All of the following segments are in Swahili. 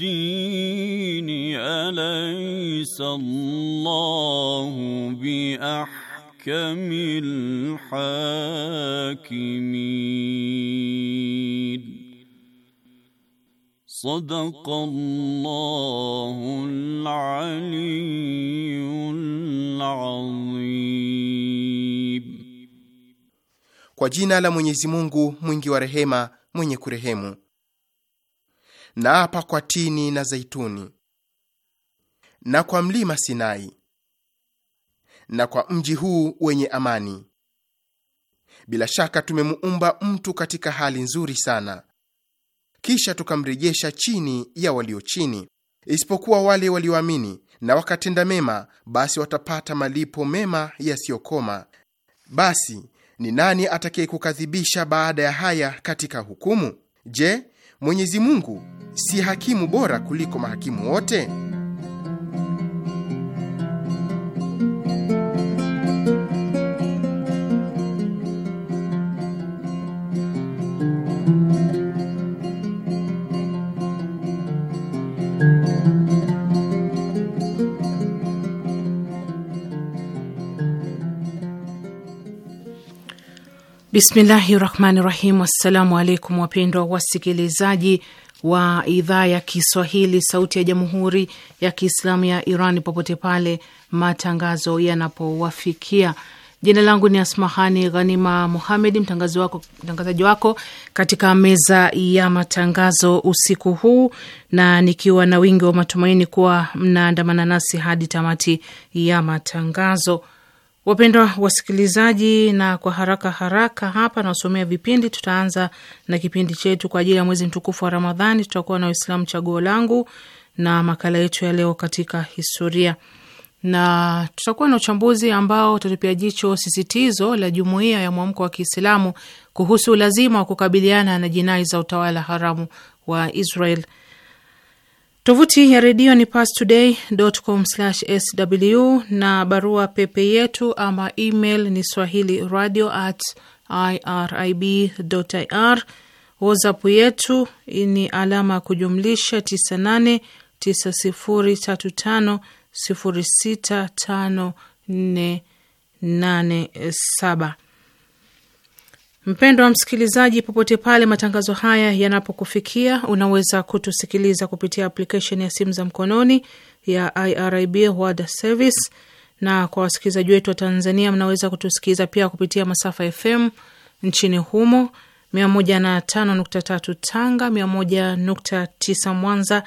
الدين أليس الله بأحكم الحاكمين صدق الله العلي العظيم Kwa jina la Mwenyezi Mungu mwingi wa rehema mwenye kurehemu na apa kwa tini na zaituni na kwa mlima Sinai na kwa mji huu wenye amani. Bila shaka tumemuumba mtu katika hali nzuri sana, kisha tukamrejesha chini ya walio chini, isipokuwa wale walioamini na wakatenda mema, basi watapata malipo mema yasiyokoma. Basi ni nani atakayekukadhibisha baada ya haya katika hukumu? Je, Mwenyezi Mungu si hakimu bora kuliko mahakimu wote? Bismillahi rahmani rahim. Assalamu alaikum wapendwa wasikilizaji wa idhaa ya Kiswahili sauti ya jamhuri ya Kiislamu ya Iran popote pale matangazo yanapowafikia. Jina langu ni Asmahani Ghanima Muhamedi, mtangazaji wako, mtangazaji wako katika meza ya matangazo usiku huu, na nikiwa na wingi wa matumaini kuwa mnaandamana nasi hadi tamati ya matangazo. Wapendwa wasikilizaji, na kwa haraka haraka hapa nawasomea vipindi. Tutaanza na kipindi chetu kwa ajili ya mwezi mtukufu wa Ramadhani. Tutakuwa na Uislamu chaguo langu na makala yetu ya leo katika historia, na tutakuwa na uchambuzi ambao utatupia jicho sisitizo la jumuiya ya mwamko wa Kiislamu kuhusu ulazima wa kukabiliana na jinai za utawala haramu wa Israel Tovuti ya redio ni pastoday.com/sw na barua pepe yetu ama email ni swahili radio at irib.ir. WhatsApp yetu ni alama ya kujumlisha 989035065487. Mpendwa msikilizaji, popote pale matangazo haya yanapokufikia, unaweza kutusikiliza kupitia aplikesheni ya simu za mkononi ya IRIB World Service, na kwa wasikilizaji wetu wa Tanzania, mnaweza kutusikiliza pia kupitia masafa FM nchini humo 105.3 Tanga, 101.9 Mwanza,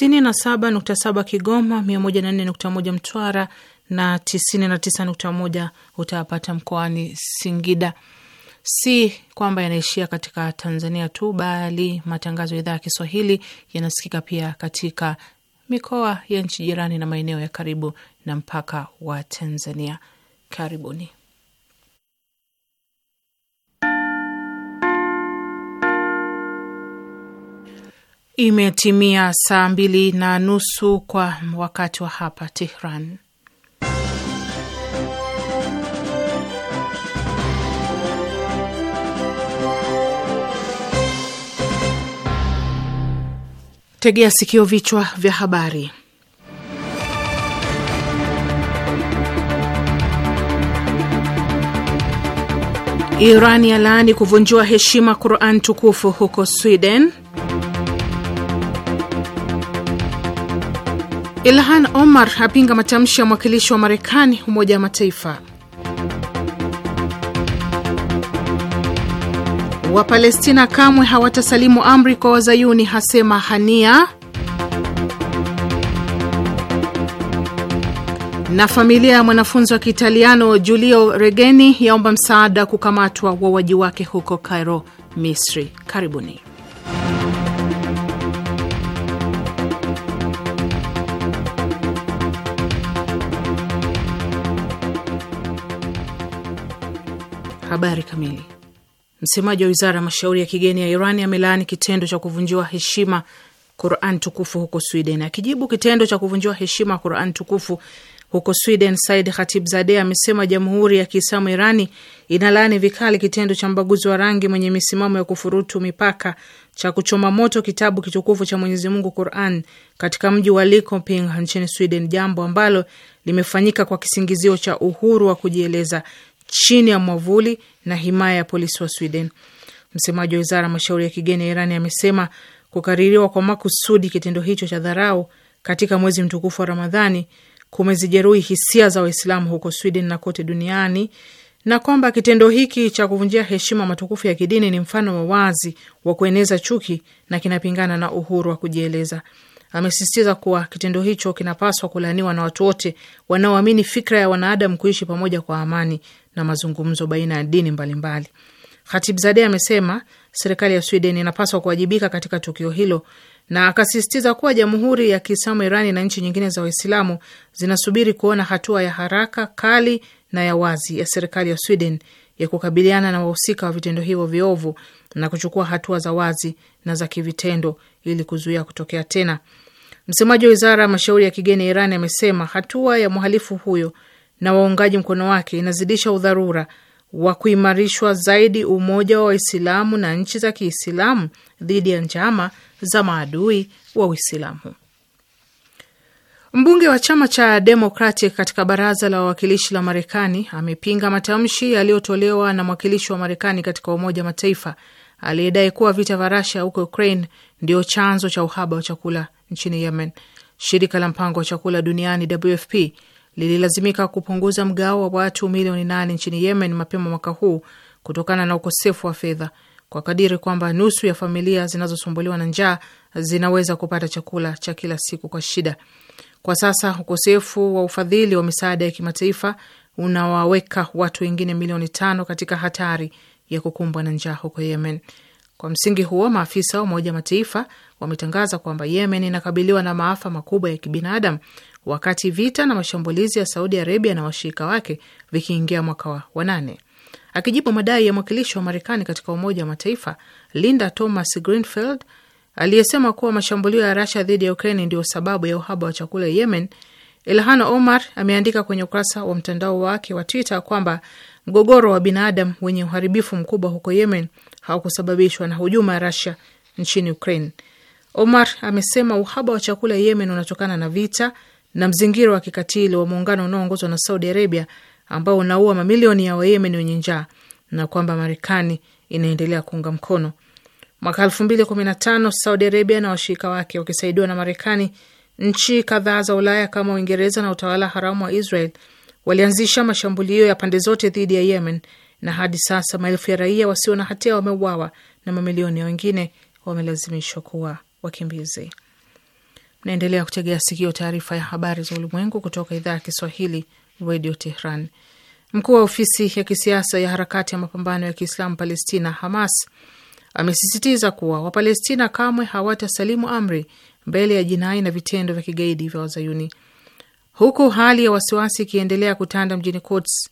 97.7 Kigoma, 104.1 Mtwara na 99.1 utayapata mkoani Singida si kwamba yanaishia katika Tanzania tu, bali matangazo ya idhaa ya Kiswahili yanasikika pia katika mikoa ya nchi jirani na maeneo ya karibu na mpaka wa Tanzania. Karibuni. Imetimia saa mbili na nusu kwa wakati wa hapa Tehran. Tegea sikio, vichwa vya habari. Iran ya laani kuvunjiwa heshima Quran tukufu huko Sweden. Ilhan Omar apinga matamshi ya mwakilishi wa Marekani Umoja wa Mataifa. Wapalestina kamwe hawatasalimu amri kwa wazayuni, hasema Hania. Na familia ya mwanafunzi wa Kiitaliano Giulio Regeni yaomba msaada kukamatwa wauaji wake huko Cairo, Misri. Karibuni. Habari kamili. Msemaji wa wizara ya mashauri ya kigeni ya Iran amelaani kitendo cha kuvunjiwa heshima Quran tukufu huko Sweden. Akijibu kitendo cha kuvunjiwa heshima Quran tukufu huko Sweden, Said Khatibzadeh amesema jamhuri ya Kiislamu Irani inalaani vikali kitendo cha mbaguzi wa rangi mwenye misimamo ya kufurutu mipaka cha kuchoma moto kitabu kitukufu cha Mwenyezi Mungu Quran katika mji wa Linköping nchini Sweden, jambo ambalo limefanyika kwa kisingizio cha uhuru wa kujieleza chini ya mwavuli na himaya ya polisi wa Sweden. Msemaji wa wizara ya mashauri ya kigeni ya Irani amesema kukaririwa kwa makusudi kitendo hicho cha dharau katika mwezi mtukufu wa Ramadhani kumezijeruhi hisia za Waislamu huko Sweden na kote duniani na kwamba kitendo hiki cha kuvunjia heshima matukufu ya kidini ni mfano wa wazi wa kueneza chuki na kinapingana na uhuru wa kujieleza amesisitiza kuwa kitendo hicho kinapaswa kulaaniwa na watu wote wanaoamini fikra ya wanadamu kuishi pamoja kwa amani na mazungumzo baina ya dini mbalimbali. Khatibzadeh amesema serikali ya Sweden inapaswa kuwajibika katika tukio hilo na akasisitiza kuwa Jamhuri ya Kiislamu Irani na nchi nyingine za Waislamu zinasubiri kuona hatua ya haraka, kali na ya wazi ya serikali ya Sweden ya kukabiliana na wahusika wa vitendo hivyo viovu na kuchukua hatua za wazi na za kivitendo ili kuzuia kutokea tena. Msemaji wa wizara ya mashauri ya kigeni ya Iran amesema hatua ya mhalifu huyo na waungaji mkono wake inazidisha udharura wa kuimarishwa zaidi umoja wa Waislamu na nchi za Kiislamu dhidi ya njama za maadui wa Uislamu. Mbunge wa chama cha Democratic katika baraza la wawakilishi la Marekani amepinga matamshi yaliyotolewa na mwakilishi wa Marekani katika Umoja wa Mataifa aliyedai kuwa vita vya rasia huko Ukraine ndio chanzo cha uhaba wa chakula nchini Yemen. Shirika la mpango wa chakula duniani WFP lililazimika kupunguza mgao wa watu milioni nane nchini Yemen mapema mwaka huu kutokana na ukosefu wa fedha, kwa kadiri kwamba nusu ya familia zinazosumbuliwa na njaa zinaweza kupata chakula cha kila siku kwa shida. Kwa sasa ukosefu wa ufadhili wa misaada ya kimataifa unawaweka watu wengine milioni tano katika hatari ya kukumbwa na njaa huko Yemen. Kwa msingi huo, maafisa wa Umoja wa Mataifa wametangaza kwamba Yemen inakabiliwa na maafa makubwa ya kibinadamu wakati vita na mashambulizi ya Saudi Arabia na washirika wake vikiingia mwaka wa nane. Akijibu madai ya mwakilishi wa Marekani katika Umoja wa Mataifa Linda Thomas Greenfield aliyesema kuwa mashambulio ya Rasha dhidi ya ukrain ndio sababu ya uhaba wa chakula Yemen, Ilhan Omar ameandika kwenye ukurasa wa mtandao wake wa Twitter kwamba mgogoro wa binadamu wenye uharibifu mkubwa huko Yemen haukusababishwa na hujuma ya Rasia nchini Ukraine. Omar amesema uhaba wa chakula Yemen unatokana na vita na mzingiro wa kikatili wa muungano unaoongozwa na Saudi Arabia ambao unaua mamilioni ya Wayemen wenye njaa na kwamba Marekani inaendelea kuunga mkono. Mwaka tano Saudi Arabia na washirika wake wakisaidiwa na Marekani, nchi kadhaa za Ulaya kama Uingereza na utawala haramu wa Israel walianzisha mashambulio ya pande zote dhidi ya Yemen, na hadi sasa maelfu ya raia wasio na hatia wameuawa na mamilioni ya wengine wamelazimishwa kuwa wakimbizi. Mnaendelea kutegea sikio taarifa ya habari za ulimwengu kutoka idhaa ya Kiswahili redio Tehran. Mkuu wa ofisi ya kisiasa ya harakati ya mapambano ya Kiislamu Palestina, Hamas, amesisitiza kuwa Wapalestina kamwe hawatasalimu amri mbele ya jinai na vitendo vya kigaidi vya Wazayuni. Huku hali ya wasiwasi ikiendelea kutanda mjini Quds,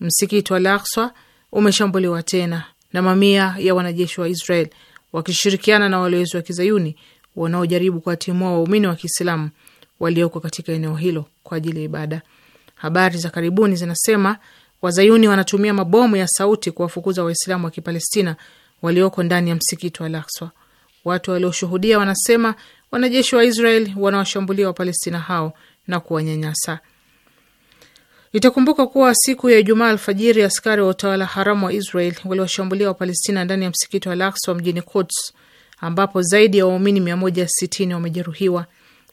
msikiti wa Al-Aqsa umeshambuliwa tena na mamia ya wanajeshi wa Israel wakishirikiana na walowezi wa kizayuni wanaojaribu kuwatimua waumini wa Kiislamu walioko katika eneo hilo kwa ajili ya ibada. Habari za karibuni zinasema wazayuni wanatumia mabomu ya sauti kuwafukuza Waislamu wa Kipalestina walioko ndani ya msikiti wa Al-Aqsa. Watu walioshuhudia wanasema wanajeshi wa Israel wanawashambulia Wapalestina hao na kuwanyanyasa. Itakumbuka kuwa siku ya Ijumaa alfajiri askari wa utawala haramu wa Israel waliwashambulia Wapalestina ndani ya msikiti wa Al-Aqsa mjini Quds ambapo zaidi ya waumini 160 wamejeruhiwa.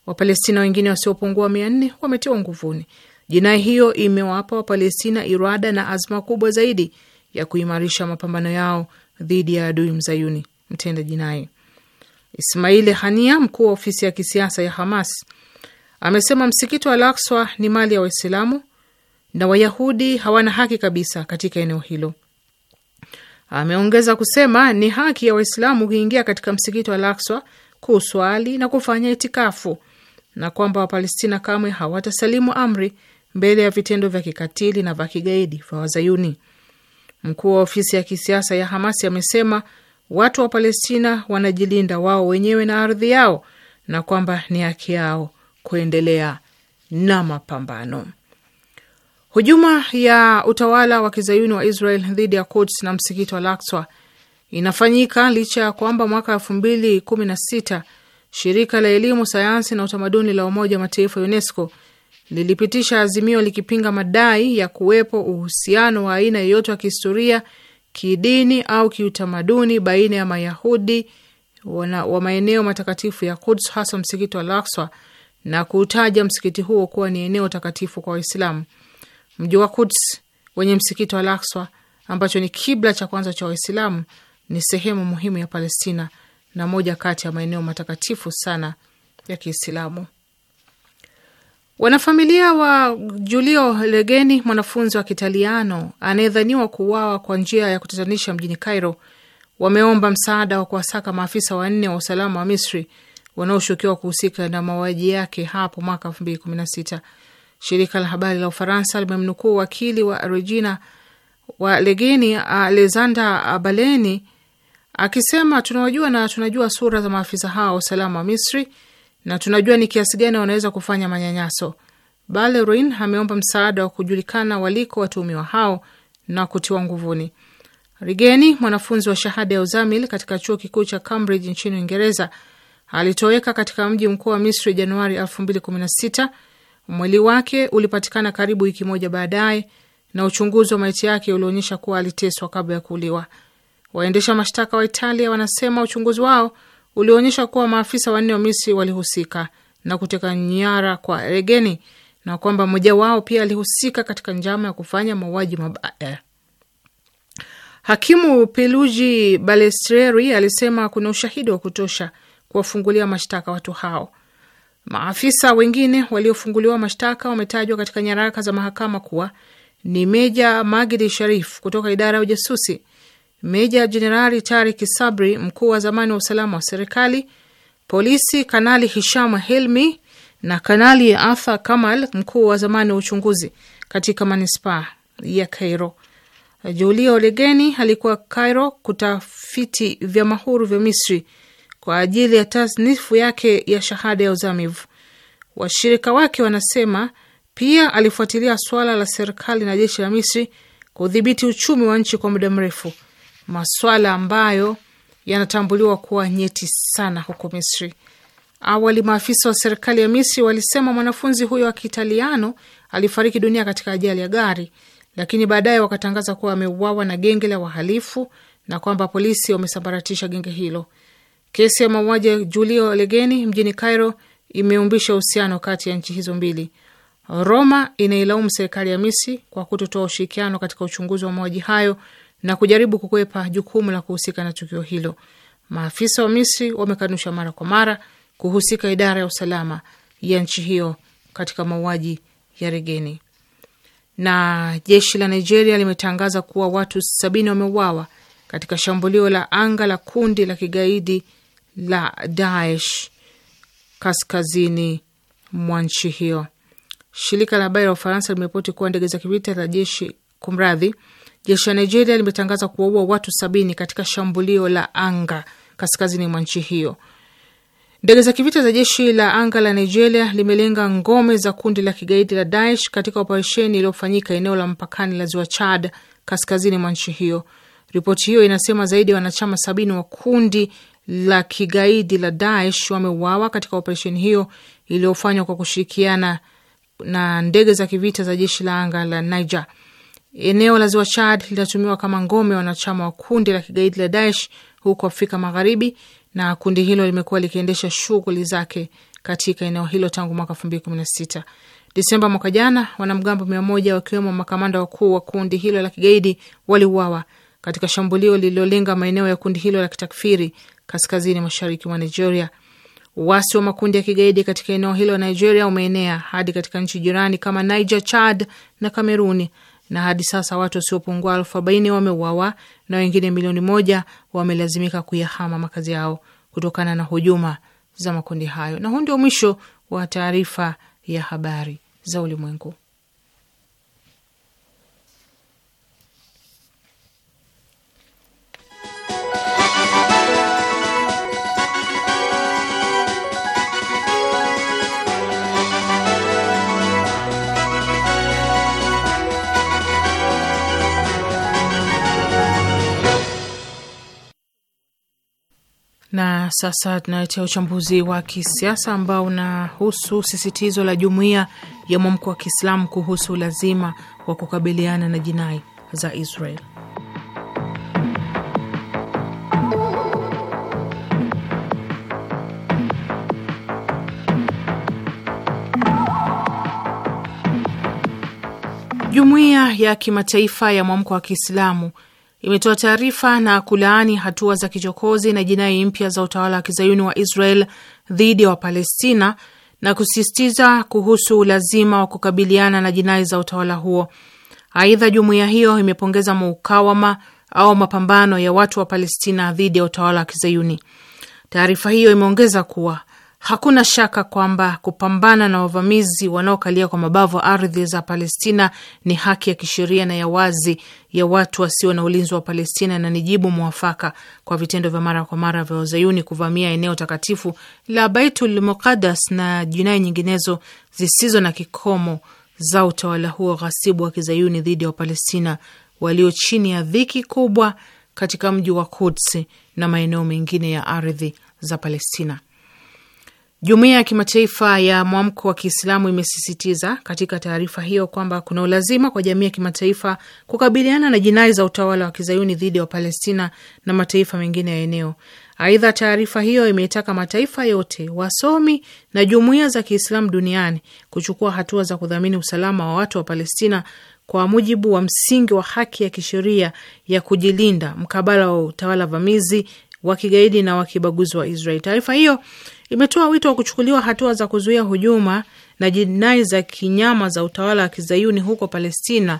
Wapalestina wengine wasiopungua 400 wametiwa nguvuni. Jinai hiyo imewapa Wapalestina irada na azma kubwa zaidi ya kuimarisha mapambano yao dhidi ya adui mzayuni mtenda jinai. Ismail Hania, mkuu wa ofisi ya kisiasa ya Hamas, amesema msikiti wa Al-Aqsa ni mali ya Waislamu na Wayahudi hawana haki kabisa katika eneo hilo. Ameongeza kusema ni haki ya Waislamu kuingia katika msikiti wa Al-Aqsa kuswali na kufanya itikafu na kwamba Wapalestina kamwe hawatasalimu amri mbele ya vitendo vya kikatili na vya kigaidi vya Wazayuni. Mkuu wa ofisi ya kisiasa ya Hamasi amesema watu wa Palestina wanajilinda wao wenyewe na ardhi yao na kwamba ni haki yao kuendelea na mapambano. Hujuma ya utawala wa kizayuni wa Israel dhidi ya Quds na msikiti wa Al-Aqsa inafanyika licha ya kwamba mwaka elfu mbili kumi na sita shirika la elimu, sayansi na utamaduni la Umoja wa Mataifa UNESCO lilipitisha azimio likipinga madai ya kuwepo uhusiano wa aina yoyote wa kihistoria, kidini au kiutamaduni baina ya Mayahudi wana, wa maeneo matakatifu ya Quds hasa msikiti wa Al-Aqsa na kuutaja msikiti huo kuwa ni eneo takatifu kwa Waislamu. Mji wa Kuds wenye msikiti wa Al-Aqsa ambacho ni kibla cha kwanza cha Waislamu ni sehemu muhimu ya Palestina na moja kati ya maeneo matakatifu sana ya Kiislamu. Wanafamilia wa Julio Legeni, mwanafunzi wa Kitaliano anayedhaniwa kuuawa kwa njia ya kutatanisha mjini Cairo, wameomba msaada wa kuwasaka maafisa wanne wa usalama wa Misri wanaoshukiwa kuhusika na mauaji yake hapo mwaka elfu mbili kumi na sita. Shirika la habari la Ufaransa limemnukuu wakili wa Regina wa Legeni Alexander Abaleni akisema tunawajua na tunajua sura za maafisa hao wa usalama wa Misri na tunajua ni kiasi gani wanaweza kufanya manyanyaso. Balerin ameomba msaada wa kujulikana waliko watuhumiwa hao na kutiwa nguvuni. Rigeni, mwanafunzi wa shahada ya uzamil katika chuo kikuu cha Cambridge nchini Uingereza, alitoweka katika mji mkuu wa Misri Januari 2016 Mwili wake ulipatikana karibu wiki moja baadaye, na uchunguzi wa maiti yake ulionyesha kuwa aliteswa kabla ya kuuliwa. Waendesha mashtaka wa Italia wanasema uchunguzi wao ulionyesha kuwa maafisa wanne wa Misri walihusika na kuteka nyara kwa Regeni na kwamba mmoja wao pia alihusika katika njama ya kufanya mauaji mabaya. Hakimu Peluji Balestreri alisema kuna ushahidi wa kutosha kuwafungulia mashtaka watu hao. Maafisa wengine waliofunguliwa mashtaka wametajwa katika nyaraka za mahakama kuwa ni Meja Magidi Sharif kutoka idara ya ujasusi, Meja Jenerali Tarik Sabri, mkuu wa zamani wa usalama wa serikali, polisi Kanali Hisham Helmi na Kanali Arthur Kamal, mkuu wa zamani wa uchunguzi katika manispaa ya Cairo. Julio Legeni alikuwa Cairo kutafiti vyama huru vya Misri kwa ajili ya tasnifu yake ya shahada ya uzamivu. Washirika wake wanasema pia alifuatilia swala la serikali na jeshi la Misri kudhibiti uchumi wa nchi kwa muda mrefu, maswala ambayo yanatambuliwa kuwa nyeti sana huko Misri. Awali maafisa wa serikali ya Misri walisema mwanafunzi huyo wa Kiitaliano alifariki dunia katika ajali ya gari, lakini baadaye wakatangaza kuwa ameuawa na genge la wahalifu na kwamba polisi wamesambaratisha genge hilo. Kesi ya mauaji ya Julio Legeni mjini Cairo imeumbisha uhusiano kati ya nchi hizo mbili. Roma inailaumu serikali ya Misri kwa kutotoa ushirikiano katika uchunguzi wa mauaji hayo na kujaribu kukwepa jukumu la kuhusika na tukio hilo. Maafisa wa Misri wamekanusha mara kwa mara kuhusika idara ya usalama ya nchi hiyo katika mauaji ya Regeni. Na jeshi la Nigeria limetangaza kuwa watu sabini wameuawa katika shambulio la anga la kundi la kigaidi la Daesh kaskazini mwa nchi hiyo. Shirika la habari la Ufaransa limeripoti kuwa ndege za kivita la jeshi kumradhi, jeshi la Nigeria limetangaza kuwaua watu sabini katika shambulio la anga kaskazini mwa nchi hiyo. Ndege za kivita za jeshi la anga la Nigeria limelenga ngome za kundi la kigaidi la Daesh katika operesheni iliyofanyika eneo la mpakani la ziwa Chad kaskazini mwa nchi hiyo. Ripoti hiyo inasema zaidi ya wanachama sabini wa kundi la kigaidi la Daesh wameuawa katika operesheni hiyo iliyofanywa kwa kushirikiana na ndege za kivita za jeshi la anga la Niger. Eneo la ziwa Chad linatumiwa kama ngome wanachama wa kundi la kigaidi la Daesh huko Afrika Magharibi, na kundi hilo limekuwa likiendesha shughuli zake katika eneo hilo tangu mwaka elfu mbili kumi na sita. Desemba mwaka jana, wanamgambo mia moja wakiwemo makamanda wakuu wa kundi hilo la kigaidi waliuawa katika shambulio lililolenga maeneo ya kundi hilo la kitakfiri kaskazini mashariki mwa Nigeria. Uasi wa makundi ya kigaidi katika eneo hilo la Nigeria umeenea hadi katika nchi jirani kama Niger, Chad na Kameruni, na hadi sasa watu wasiopungua elfu arobaini wameuawa na wengine milioni moja wamelazimika kuyahama makazi yao kutokana na hujuma za makundi hayo. Na huu ndio mwisho wa taarifa ya habari za ulimwengu. Na sasa tunaletea uchambuzi wa kisiasa ambao unahusu sisitizo la jumuiya ya mwamko wa Kiislamu kuhusu lazima wa kukabiliana na jinai za Israel. Jumuiya ya kimataifa ya mwamko wa Kiislamu imetoa taarifa na kulaani hatua za kichokozi na jinai mpya za utawala wa kizayuni wa Israel dhidi ya Wapalestina na kusisitiza kuhusu ulazima wa kukabiliana na jinai za utawala huo. Aidha, jumuiya hiyo imepongeza maukawama au mapambano ya watu wa Palestina dhidi ya utawala wa kizayuni. Taarifa hiyo imeongeza kuwa Hakuna shaka kwamba kupambana na wavamizi wanaokalia kwa mabavu ardhi za Palestina ni haki ya kisheria na ya wazi ya watu wasio na ulinzi wa Palestina na ni jibu mwafaka kwa vitendo vya mara kwa mara vya wazayuni kuvamia eneo takatifu la Baitul Muqaddas na jinai nyinginezo zisizo na kikomo za utawala huo ghasibu wa kizayuni dhidi ya Wapalestina walio chini ya dhiki kubwa katika mji wa Kudsi na maeneo mengine ya ardhi za Palestina. Jumuiya ya kimataifa ya mwamko wa Kiislamu imesisitiza katika taarifa hiyo kwamba kuna ulazima kwa jamii ya kimataifa kukabiliana na jinai za utawala wa kizayuni dhidi ya Wapalestina na mataifa mengine ya eneo. Aidha, taarifa hiyo imeitaka mataifa yote, wasomi na jumuiya za Kiislamu duniani kuchukua hatua za kudhamini usalama wa watu wa Palestina kwa mujibu wa msingi wa haki ya kisheria ya kujilinda mkabala wa utawala vamizi wa kigaidi na wakibaguzi wa Israel. Taarifa hiyo imetoa wito wa kuchukuliwa hatua za kuzuia hujuma na jinai za kinyama za utawala wa kizayuni huko Palestina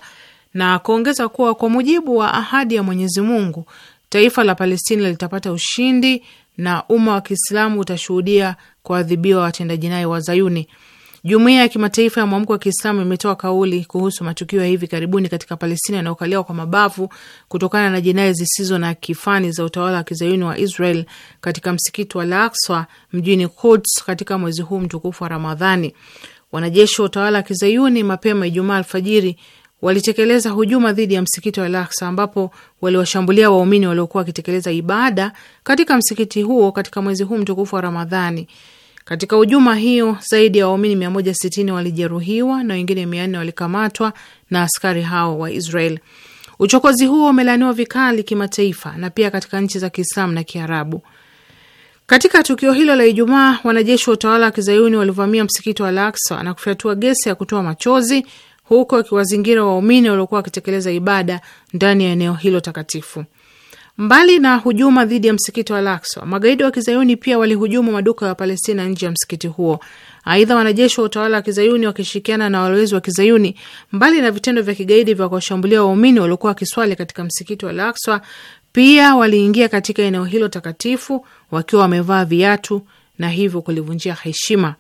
na kuongeza kuwa kwa mujibu wa ahadi ya Mwenyezi Mungu, taifa la Palestina litapata ushindi na umma wa Kiislamu utashuhudia kuadhibiwa watenda jinai wa Zayuni. Jumuiya ya kimataifa ya mwamko wa Kiislamu imetoa kauli kuhusu matukio ya hivi karibuni katika Palestina yanayokaliwa kwa mabavu kutokana na jinai zisizo na kifani za utawala wa kizayuni wa Israel katika msikiti wa Al-Aqsa mjini Quds katika mwezi huu mtukufu wa Ramadhani. Wanajeshi wa utawala wa kizayuni mapema Ijumaa alfajiri walitekeleza hujuma dhidi ya msikiti wa Al-Aqsa ambapo waliwashambulia waumini waliokuwa wakitekeleza ibada katika msikiti huo katika mwezi huu mtukufu wa Ramadhani. Katika hujuma hiyo zaidi ya waumini 160 walijeruhiwa na wengine 400 walikamatwa na askari hao wa Israel. Uchokozi huo umelaaniwa vikali kimataifa na pia katika nchi za Kiislamu na Kiarabu. Katika tukio hilo la Ijumaa, wanajeshi wa utawala wa kizayuni walivamia msikiti wa Al-Aqsa na kufyatua gesi ya kutoa machozi huku wakiwazingira waumini waliokuwa wakitekeleza ibada ndani ya eneo hilo takatifu. Mbali na hujuma dhidi ya msikiti wa Al-Aqsa, magaidi wa kizayuni pia walihujumu maduka ya Palestina nje ya msikiti huo. Aidha, wanajeshi wa utawala wa kizayuni wakishirikiana na walowezi wa kizayuni, mbali na vitendo vya kigaidi vya kuwashambulia waumini waliokuwa wakiswali katika msikiti wa Al-Aqsa, pia waliingia katika eneo hilo takatifu wakiwa wamevaa viatu na hivyo kulivunjia heshima.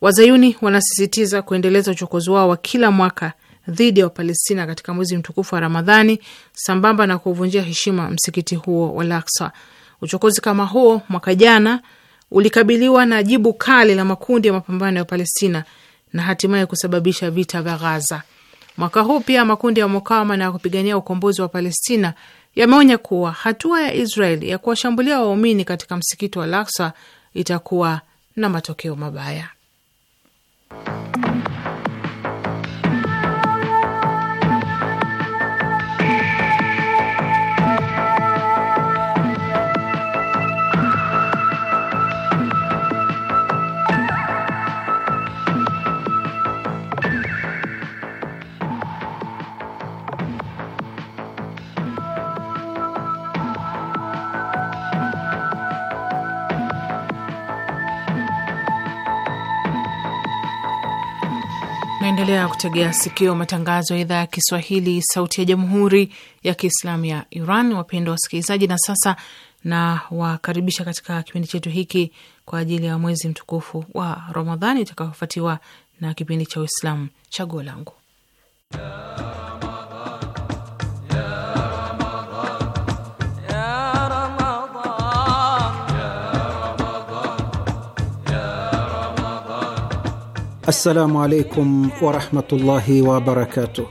Wazayuni wanasisitiza kuendeleza uchokozi wao wa kila mwaka dhidi ya Wapalestina katika mwezi mtukufu wa Ramadhani, sambamba na kuvunjia heshima msikiti huo wa Al-Aqsa. Uchokozi kama huo mwaka jana ulikabiliwa na jibu kali la makundi ya mapambano ya Palestina na hatimaye kusababisha vita vya Gaza. Mwaka huu pia makundi ya mukawama na ya kupigania ukombozi wa Palestina yameonya kuwa hatua ya Israel ya kuwashambulia waumini katika msikiti wa Al-Aqsa itakuwa na matokeo mabaya. Naendelea kutegea sikio matangazo ya idhaa ya Kiswahili, sauti ya jamhuri ya kiislamu ya Iran. Wapendwa wasikilizaji, na sasa na wakaribisha katika kipindi chetu hiki kwa ajili ya mwezi mtukufu wa Ramadhani utakaofuatiwa na kipindi cha Uislamu chaguo langu. Assalamu alaikum warahmatullahi wabarakatuh.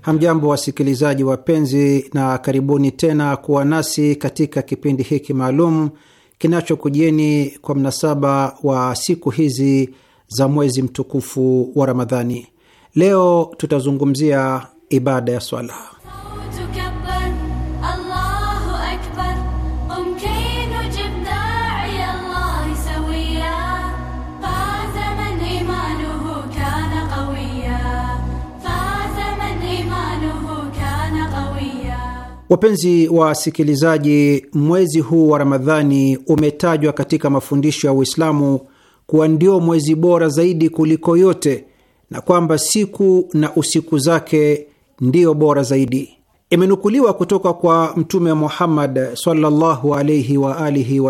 Hamjambo wasikilizaji wapenzi, na karibuni tena kuwa nasi katika kipindi hiki maalum kinachokujieni kwa mnasaba wa siku hizi za mwezi mtukufu wa Ramadhani. Leo tutazungumzia ibada ya swala. Wapenzi wa wasikilizaji, mwezi huu wa Ramadhani umetajwa katika mafundisho ya Uislamu kuwa ndio mwezi bora zaidi kuliko yote na kwamba siku na usiku zake ndiyo bora zaidi. Imenukuliwa kutoka kwa Mtume Muhammad sallallahu alaihi wa alihi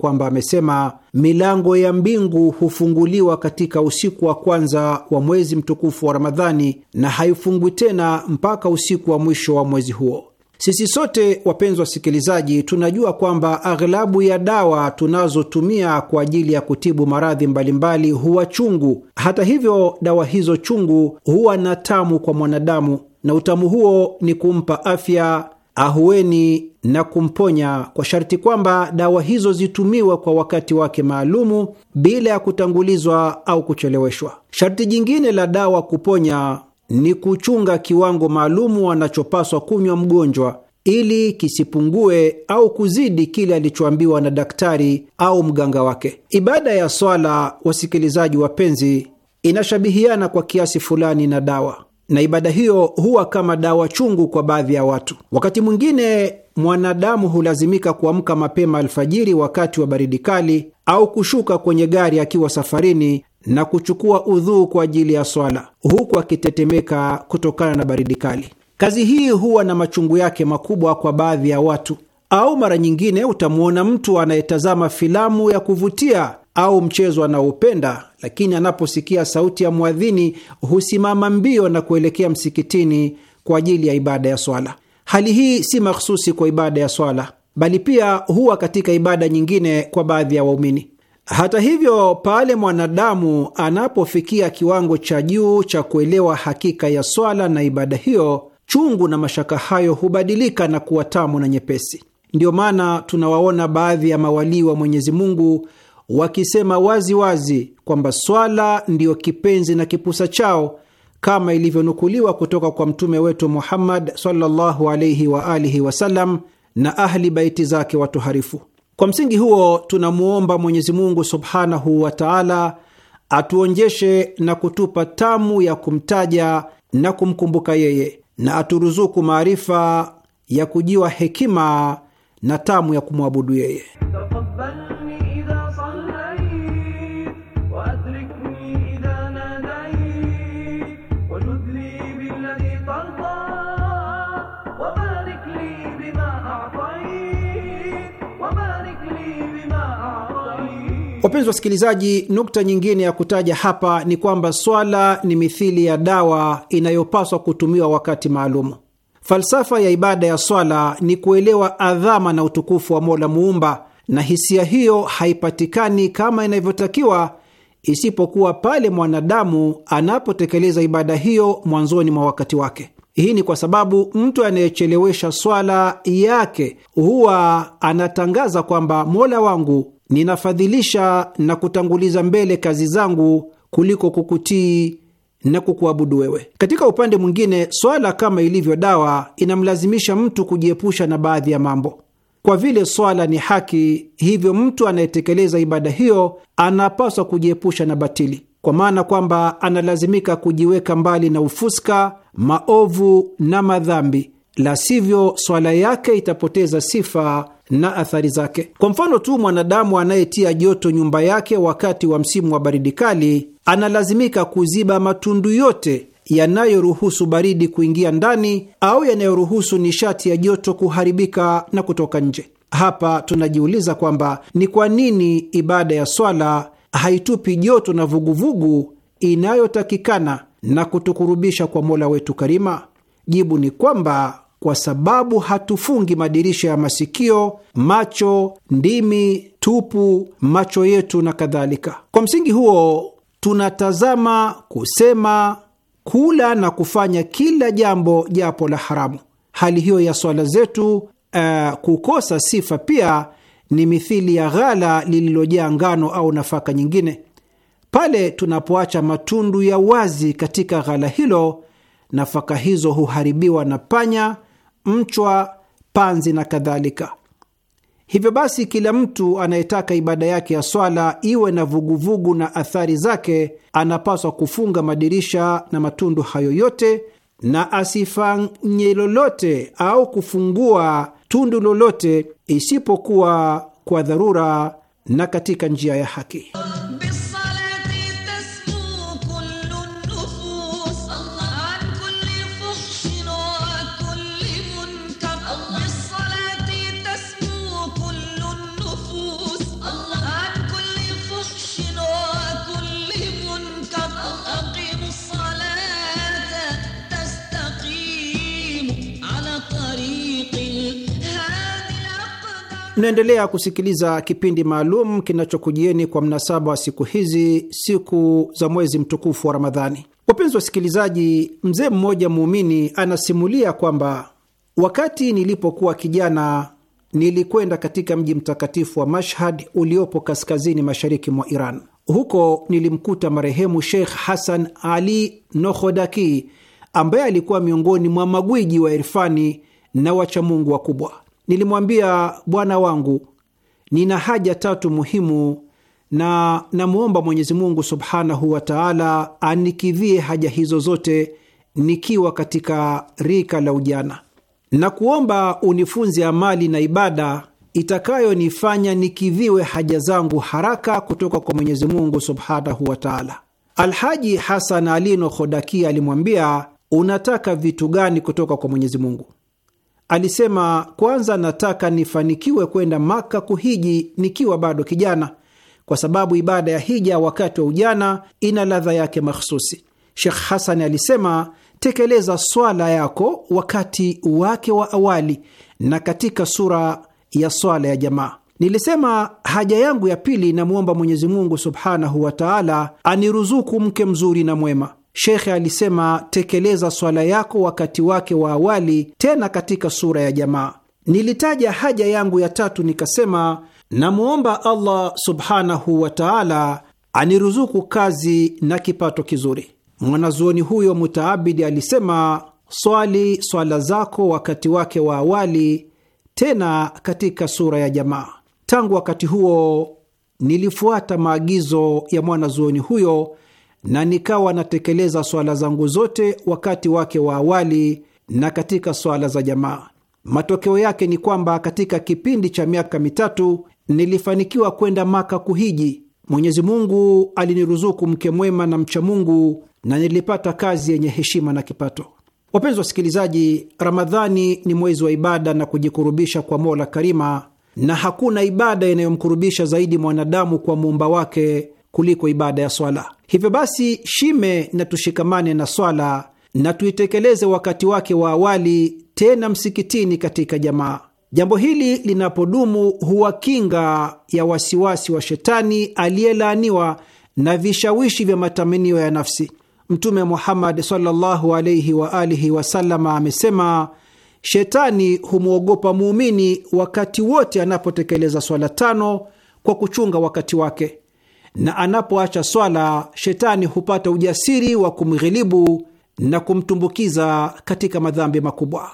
kwamba amesema, milango ya mbingu hufunguliwa katika usiku wa kwanza wa mwezi mtukufu wa Ramadhani na haifungwi tena mpaka usiku wa mwisho wa mwezi huo. Sisi sote wapenzi wasikilizaji, tunajua kwamba aghlabu ya dawa tunazotumia kwa ajili ya kutibu maradhi mbalimbali huwa chungu. Hata hivyo, dawa hizo chungu huwa na tamu kwa mwanadamu, na utamu huo ni kumpa afya, ahueni na kumponya, kwa sharti kwamba dawa hizo zitumiwe kwa wakati wake maalumu bila ya kutangulizwa au kucheleweshwa. Sharti jingine la dawa kuponya ni kuchunga kiwango maalumu anachopaswa kunywa mgonjwa ili kisipungue au kuzidi kile alichoambiwa na daktari au mganga wake. Ibada ya swala, wasikilizaji wapenzi, inashabihiana kwa kiasi fulani na dawa, na ibada hiyo huwa kama dawa chungu kwa baadhi ya watu. Wakati mwingine mwanadamu hulazimika kuamka mapema alfajiri wakati wa baridi kali au kushuka kwenye gari akiwa safarini na kuchukua udhuu kwa ajili ya swala huku akitetemeka kutokana na baridi kali. Kazi hii huwa na machungu yake makubwa kwa baadhi ya watu, au mara nyingine utamwona mtu anayetazama filamu ya kuvutia au mchezo anaoupenda, lakini anaposikia sauti ya mwadhini husimama mbio na kuelekea msikitini kwa ajili ya ibada ya swala. Hali hii si mahsusi kwa ibada ya swala, bali pia huwa katika ibada nyingine kwa baadhi ya waumini. Hata hivyo, pale mwanadamu anapofikia kiwango cha juu cha kuelewa hakika ya swala na ibada hiyo, chungu na mashaka hayo hubadilika na kuwa tamu na nyepesi. Ndiyo maana tunawaona baadhi ya mawalii wa Mwenyezi Mungu wakisema waziwazi kwamba swala ndiyo kipenzi na kipusa chao kama ilivyonukuliwa kutoka kwa mtume wetu Muhammad sallallahu alaihi wa alihi wasallam na ahli baiti zake watuharifu. Kwa msingi huo, tunamwomba Mwenyezi Mungu subhanahu wa taala atuonjeshe na kutupa tamu ya kumtaja na kumkumbuka yeye, na aturuzuku maarifa ya kujiwa hekima na tamu ya kumwabudu yeye. Wapenzi wasikilizaji, nukta nyingine ya kutaja hapa ni kwamba swala ni mithili ya dawa inayopaswa kutumiwa wakati maalum. Falsafa ya ibada ya swala ni kuelewa adhama na utukufu wa Mola Muumba, na hisia hiyo haipatikani kama inavyotakiwa isipokuwa pale mwanadamu anapotekeleza ibada hiyo mwanzoni mwa wakati wake. Hii ni kwa sababu mtu anayechelewesha swala yake huwa anatangaza kwamba Mola wangu ninafadhilisha na kutanguliza mbele kazi zangu kuliko kukutii na kukuabudu wewe. Katika upande mwingine, swala kama ilivyo dawa inamlazimisha mtu kujiepusha na baadhi ya mambo. Kwa vile swala ni haki, hivyo mtu anayetekeleza ibada hiyo anapaswa kujiepusha na batili, kwa maana kwamba analazimika kujiweka mbali na ufuska, maovu na madhambi la sivyo swala yake itapoteza sifa na athari zake. Kwa mfano tu, mwanadamu anayetia joto nyumba yake wakati wa msimu wa baridi kali analazimika kuziba matundu yote yanayoruhusu baridi kuingia ndani au yanayoruhusu nishati ya joto kuharibika na kutoka nje. Hapa tunajiuliza kwamba ni kwa nini ibada ya swala haitupi joto na vuguvugu inayotakikana na kutukurubisha kwa Mola wetu Karima. Jibu ni kwamba kwa sababu hatufungi madirisha ya masikio, macho, ndimi, tupu, macho yetu na kadhalika. Kwa msingi huo, tunatazama, kusema, kula na kufanya kila jambo japo la haramu. Hali hiyo ya swala zetu uh, kukosa sifa pia ni mithili ya ghala lililojaa ngano au nafaka nyingine. Pale tunapoacha matundu ya wazi katika ghala hilo, nafaka hizo huharibiwa na panya mchwa, panzi na kadhalika. Hivyo basi, kila mtu anayetaka ibada yake ya swala iwe na vuguvugu vugu na athari zake, anapaswa kufunga madirisha na matundu hayo yote na asifanye lolote au kufungua tundu lolote isipokuwa kwa dharura na katika njia ya haki. Mnaendelea kusikiliza kipindi maalum kinachokujieni kwa mnasaba wa siku hizi, siku za mwezi mtukufu wa Ramadhani. Wapenzi wasikilizaji, mzee mmoja muumini anasimulia kwamba wakati nilipokuwa kijana nilikwenda katika mji mtakatifu wa Mashhad uliopo kaskazini mashariki mwa Iran. Huko nilimkuta marehemu Sheikh Hasan Ali Nohodaki ambaye alikuwa miongoni mwa magwiji wa irfani na wachamungu wakubwa. Nilimwambia, bwana wangu, nina haja tatu muhimu na namwomba Mwenyezi Mungu subhanahu wa taala anikidhie haja hizo zote nikiwa katika rika la ujana, na kuomba unifunze amali na ibada itakayonifanya nikidhiwe haja zangu haraka kutoka kwa Mwenyezi Mungu subhanahu wa taala. Alhaji Hasan Alino Khodakia alimwambia, unataka vitu gani kutoka kwa Mwenyezi Mungu? Alisema, kwanza nataka nifanikiwe kwenda Maka kuhiji nikiwa bado kijana, kwa sababu ibada ya hija wakati wa ujana ina ladha yake mahsusi. shekh Hasani alisema, tekeleza swala yako wakati wake wa awali na katika sura ya swala ya jamaa. Nilisema haja yangu ya pili, namwomba Mwenyezi Mungu subhanahu wa taala aniruzuku mke mzuri na mwema Shekhe alisema, tekeleza swala yako wakati wake wa awali, tena katika sura ya jamaa. Nilitaja haja yangu ya tatu, nikasema namwomba Allah subhanahu wa taala aniruzuku kazi na kipato kizuri. Mwanazuoni huyo mutaabidi alisema, swali swala zako wakati wake wa awali, tena katika sura ya jamaa. Tangu wakati huo nilifuata maagizo ya mwanazuoni huyo na nikawa natekeleza swala zangu zote wakati wake wa awali na katika swala za jamaa. Matokeo yake ni kwamba katika kipindi cha miaka mitatu nilifanikiwa kwenda Maka kuhiji. Mwenyezi Mungu aliniruzuku mke mwema na mcha Mungu na nilipata kazi yenye heshima na kipato. Wapenzi wasikilizaji, Ramadhani ni mwezi wa ibada na kujikurubisha kwa Mola Karima, na hakuna ibada inayomkurubisha zaidi mwanadamu kwa muumba wake kuliko ibada ya swala. Hivyo basi, shime na tushikamane na swala na tuitekeleze wakati wake wa awali, tena msikitini, katika jamaa. Jambo hili linapodumu huwa kinga ya wasiwasi wa shetani aliyelaaniwa na vishawishi vya matamanio ya nafsi. Mtume Muhammad sallallahu wa alihi amesema, shetani humwogopa muumini wakati wote anapotekeleza swala tano kwa kuchunga wakati wake na anapoacha swala, shetani hupata ujasiri wa kumghilibu na kumtumbukiza katika madhambi makubwa.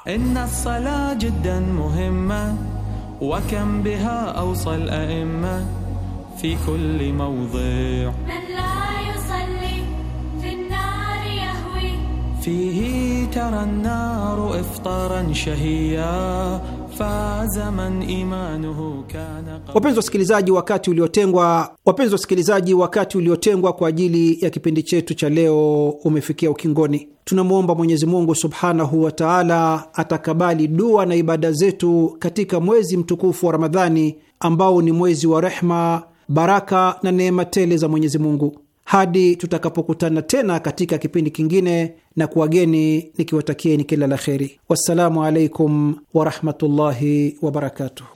Wapenzi wasikilizaji, wakati uliotengwa wapenzi wasikilizaji, wakati uliotengwa kwa ajili ya kipindi chetu cha leo umefikia ukingoni. Tunamwomba Mwenyezi Mungu subhanahu wa taala atakabali dua na ibada zetu katika mwezi mtukufu wa Ramadhani ambao ni mwezi wa rehma, baraka na neema tele za Mwenyezi Mungu. Hadi tutakapokutana tena katika kipindi kingine na kuwageni nikiwatakieni kila la kheri. Wassalamu alaikum warahmatullahi wabarakatuh.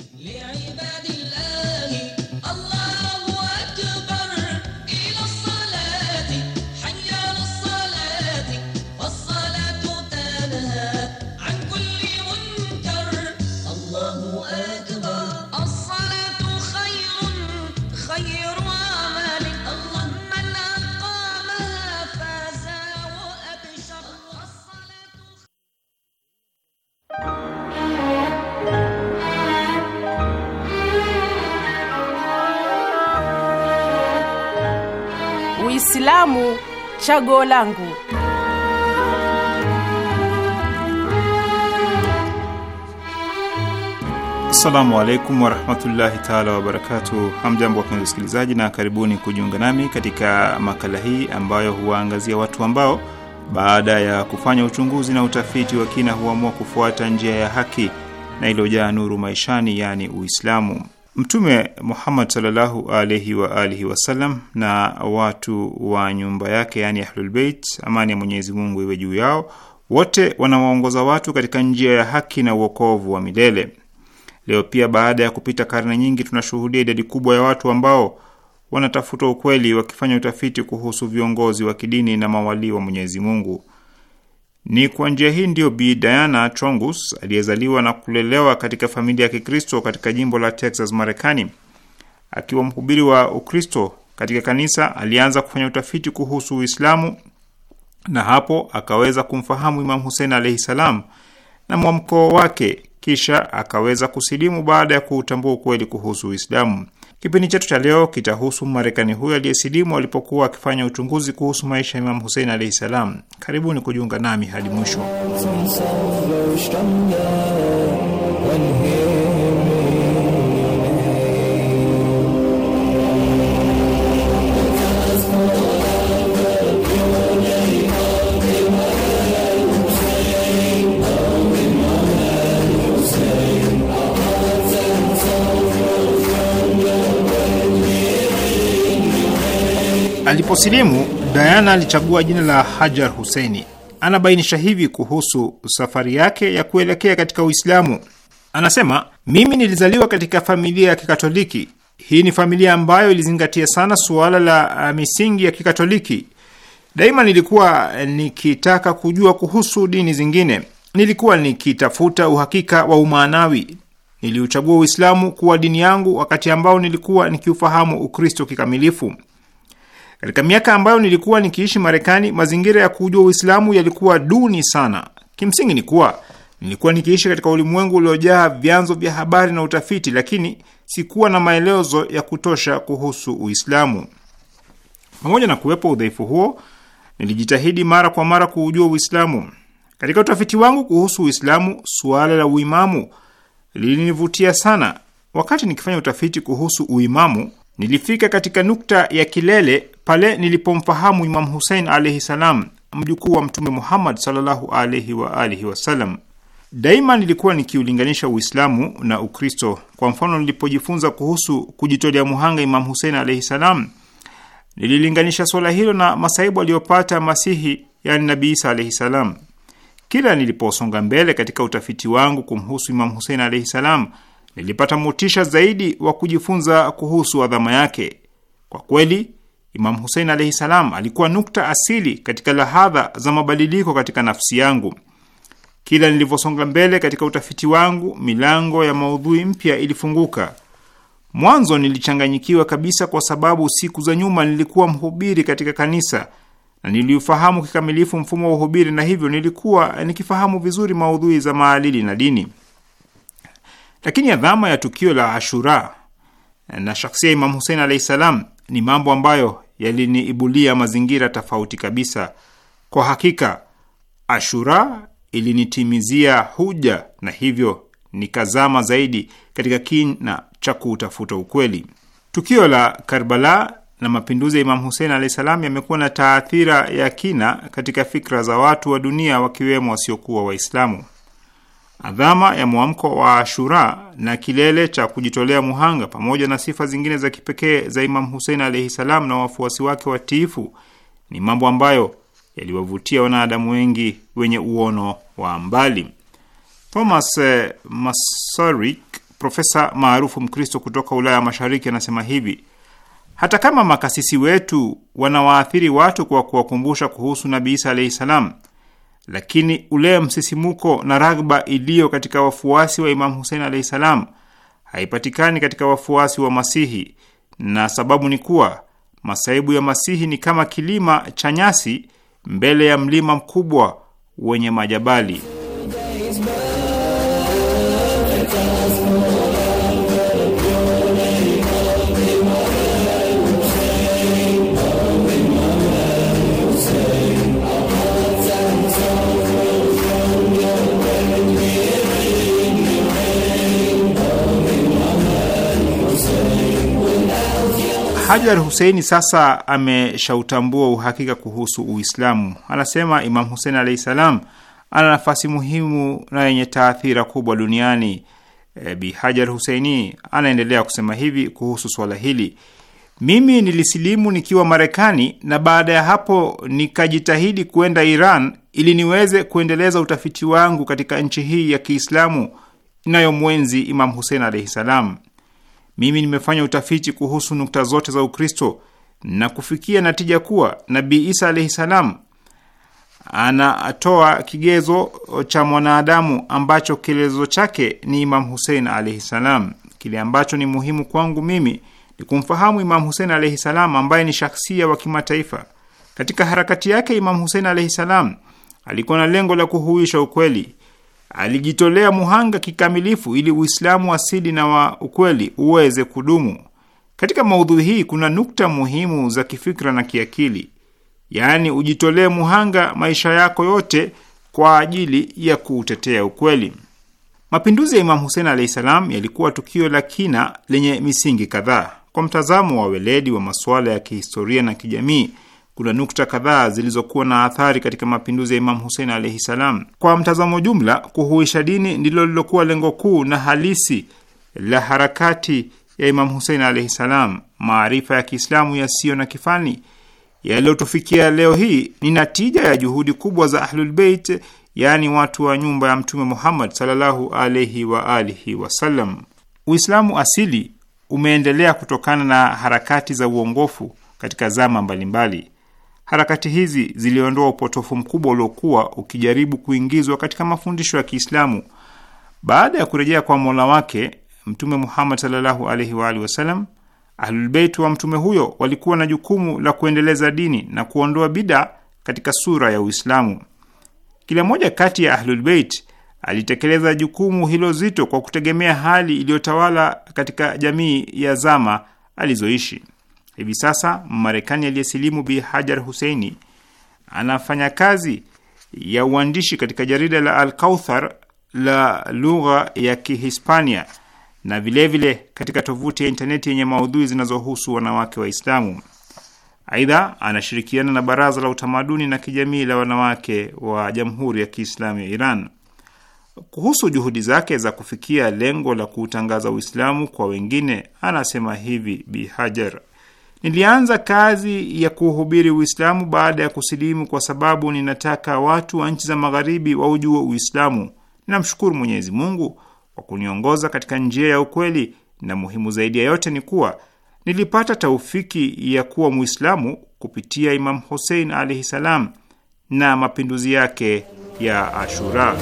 Uislamu chaguo langu. Assalamu alaikum warahmatullahi taala wabarakatuh. Hamjambo wapenzi wasikilizaji, na karibuni kujiunga nami katika makala hii ambayo huwaangazia watu ambao baada ya kufanya uchunguzi na utafiti wa kina huamua kufuata njia ya haki na iliyojaa nuru maishani, yaani Uislamu. Mtume Muhammad sallallahu alaihi wa alihi wasallam na watu wa nyumba yake, ahlul Ahlulbeit, amani ya Mwenyezi Mungu iwe juu yao, wote wanawaongoza watu katika njia ya haki na uokovu wa milele. Leo pia, baada ya kupita karne nyingi, tunashuhudia idadi kubwa ya watu ambao wanatafuta ukweli, wakifanya utafiti kuhusu viongozi wa kidini na mawalii wa Mwenyezi Mungu. Ni kwa njia hii ndiyo Bi Diana Chongus aliyezaliwa na kulelewa katika familia ya Kikristo katika jimbo la Texas, Marekani. Akiwa mhubiri wa Ukristo katika kanisa, alianza kufanya utafiti kuhusu Uislamu na hapo akaweza kumfahamu Imam Hussein alaihi salam na mwamko wake, kisha akaweza kusilimu baada ya kuutambua ukweli kuhusu Uislamu. Kipindi chetu cha leo kitahusu Marekani huyo aliyesilimu alipokuwa akifanya uchunguzi kuhusu maisha ya Imamu Husein alahi salam. Karibuni kujiunga nami hadi mwisho. Aliposilimu, Diana alichagua jina la Hajar Huseini. Anabainisha hivi kuhusu safari yake ya kuelekea katika Uislamu. Anasema, mimi nilizaliwa katika familia ya Kikatoliki. Hii ni familia ambayo ilizingatia sana suala la ah, misingi ya Kikatoliki. Daima nilikuwa nikitaka kujua kuhusu dini zingine, nilikuwa nikitafuta uhakika wa umaanawi. Niliuchagua Uislamu kuwa dini yangu wakati ambao nilikuwa nikiufahamu Ukristo kikamilifu. Katika miaka ambayo nilikuwa nikiishi Marekani, mazingira ya kujua Uislamu yalikuwa duni sana. Kimsingi ni kuwa nilikuwa nikiishi katika ulimwengu uliojaa vyanzo vya habari na utafiti, lakini sikuwa na maelezo ya kutosha kuhusu Uislamu. Pamoja na kuwepo udhaifu huo, nilijitahidi mara kwa mara kuujua Uislamu. Katika utafiti wangu kuhusu Uislamu, suala la uimamu lilinivutia sana. Wakati nikifanya utafiti kuhusu uimamu, nilifika katika nukta ya kilele pale nilipomfahamu Imam Husein alaihi salam, mjukuu wa Mtume Muhammad sallallahu alaihi wa alihi wasallam. Daima nilikuwa nikiulinganisha Uislamu na Ukristo. Kwa mfano, nilipojifunza kuhusu kujitolea muhanga Imam Husein alaihi salam, nililinganisha swala hilo na masaibu aliyopata Masihi, yani Nabii Isa alaihi salam. Kila niliposonga mbele katika utafiti wangu kumhusu Imam Husein alaihi salam, nilipata motisha zaidi wa kujifunza kuhusu adhama yake. Kwa kweli Imam Husein alaihi salam alikuwa nukta asili katika lahadha za mabadiliko katika nafsi yangu. Kila nilivyosonga mbele katika utafiti wangu, milango ya maudhui mpya ilifunguka. Mwanzo nilichanganyikiwa kabisa, kwa sababu siku za nyuma nilikuwa mhubiri katika kanisa na niliufahamu kikamilifu mfumo wa uhubiri, na hivyo nilikuwa nikifahamu vizuri maudhui za maadili na dini. Lakini adhama ya, ya tukio la Ashura na shakhsia Imam Husein alahi salam ni mambo ambayo yaliniibulia mazingira tofauti kabisa. Kwa hakika Ashura ilinitimizia huja na hivyo nikazama zaidi katika kina cha kuutafuta ukweli. Tukio la Karbala na mapinduzi ya Imam Husein alahi salam yamekuwa na taathira ya kina katika fikra za watu wa dunia, wakiwemo wasiokuwa Waislamu. Adhama ya mwamko wa Ashura na kilele cha kujitolea muhanga, pamoja na sifa zingine za kipekee za Imam Husein alaihi salam na wafuasi wake watiifu, ni mambo ambayo yaliwavutia wanadamu wengi wenye uono wa mbali. Thomas eh, Masaryk, profesa maarufu Mkristo kutoka Ulaya ya Mashariki, anasema hivi: hata kama makasisi wetu wanawaathiri watu kwa kuwakumbusha kuhusu Nabii Isa alaihi salam lakini ule msisimuko na ragba iliyo katika wafuasi wa Imamu Husein alahi salam haipatikani katika wafuasi wa Masihi, na sababu ni kuwa masaibu ya Masihi ni kama kilima cha nyasi mbele ya mlima mkubwa wenye majabali. Hajar Huseini sasa ameshautambua uhakika kuhusu Uislamu. Anasema Imam Husein alahi salam ana nafasi muhimu na yenye taathira kubwa duniani. E, Bi Hajar Huseini anaendelea kusema hivi kuhusu swala hili: mimi nilisilimu nikiwa Marekani na baada ya hapo nikajitahidi kuenda Iran ili niweze kuendeleza utafiti wangu katika nchi hii ya Kiislamu inayomwenzi Imam Husein alahi salam mimi nimefanya utafiti kuhusu nukta zote za Ukristo na kufikia natija kuwa Nabii Isa alaihi salam anatoa kigezo cha mwanadamu ambacho kielezo chake ni Imam Husein alaihi salam. Kile ambacho ni muhimu kwangu mimi ni kumfahamu Imam Husein alaihi salam ambaye ni shakhsia wa kimataifa. Katika harakati yake Imam Husein alaihi salam alikuwa na lengo la kuhuisha ukweli alijitolea muhanga kikamilifu ili Uislamu asili na wa ukweli uweze kudumu. Katika maudhui hii kuna nukta muhimu za kifikra na kiakili, yaani ujitolee muhanga maisha yako yote kwa ajili ya kuutetea ukweli. Mapinduzi ya Imam Husein alahi salam yalikuwa tukio la kina lenye misingi kadhaa. Kwa mtazamo wa weledi wa masuala ya kihistoria na kijamii kuna nukta kadhaa zilizokuwa na athari katika mapinduzi ya Imam Husein alaihi salam. Kwa mtazamo jumla, kuhuisha dini ndilo lilokuwa lengo kuu na halisi la harakati ya Imam Husein alaihi salam. Maarifa ya Kiislamu yasiyo na kifani yaliyotufikia leo hii ni natija ya juhudi kubwa za Ahlulbeit, yaani watu wa nyumba ya Mtume Muhammad sallallahu alaihi wa alihi wasallam. Uislamu asili umeendelea kutokana na harakati za uongofu katika zama mbalimbali. Harakati hizi ziliondoa upotofu mkubwa uliokuwa ukijaribu kuingizwa katika mafundisho ya Kiislamu. Baada ya kurejea kwa mola wake, Mtume Muhammad sallallahu alaihi wa alihi wasallam, ahlulbeit wa mtume huyo walikuwa na jukumu la kuendeleza dini na kuondoa bida katika sura ya Uislamu. Kila mmoja kati ya ahlulbeit alitekeleza jukumu hilo zito kwa kutegemea hali iliyotawala katika jamii ya zama alizoishi. Hivi sasa Marekani aliyesilimu Bi Hajar Huseini anafanya kazi ya uandishi katika jarida la Al Kauthar la lugha ya Kihispania na vilevile vile katika tovuti ya intaneti yenye maudhui zinazohusu wanawake Waislamu. Aidha, anashirikiana na Baraza la Utamaduni na Kijamii la Wanawake wa Jamhuri ya Kiislamu ya Iran. Kuhusu juhudi zake za kufikia lengo la kuutangaza Uislamu kwa wengine, anasema hivi Bi Hajar: Nilianza kazi ya kuhubiri Uislamu baada ya kusilimu, kwa sababu ninataka watu wa nchi za magharibi waujue Uislamu. Ninamshukuru Mwenyezi Mungu kwa kuniongoza katika njia ya ukweli, na muhimu zaidi ya yote ni kuwa nilipata taufiki ya kuwa Muislamu kupitia Imam Hussein alaihi salam na mapinduzi yake ya Ashura.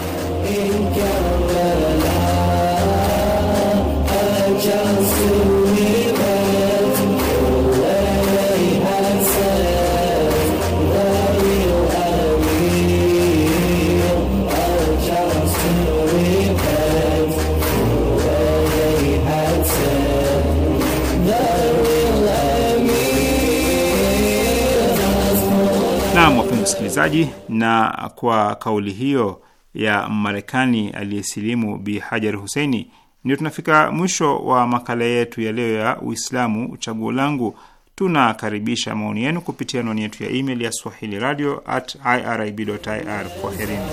msikilizaji, na kwa kauli hiyo ya Marekani aliyesilimu Bi Hajar Huseini, ndio tunafika mwisho wa makala yetu ya leo ya Uislamu Chaguo Langu. Tunakaribisha maoni yenu kupitia anwani yetu ya email ya swahili radio at irib.ir. Kwaherini.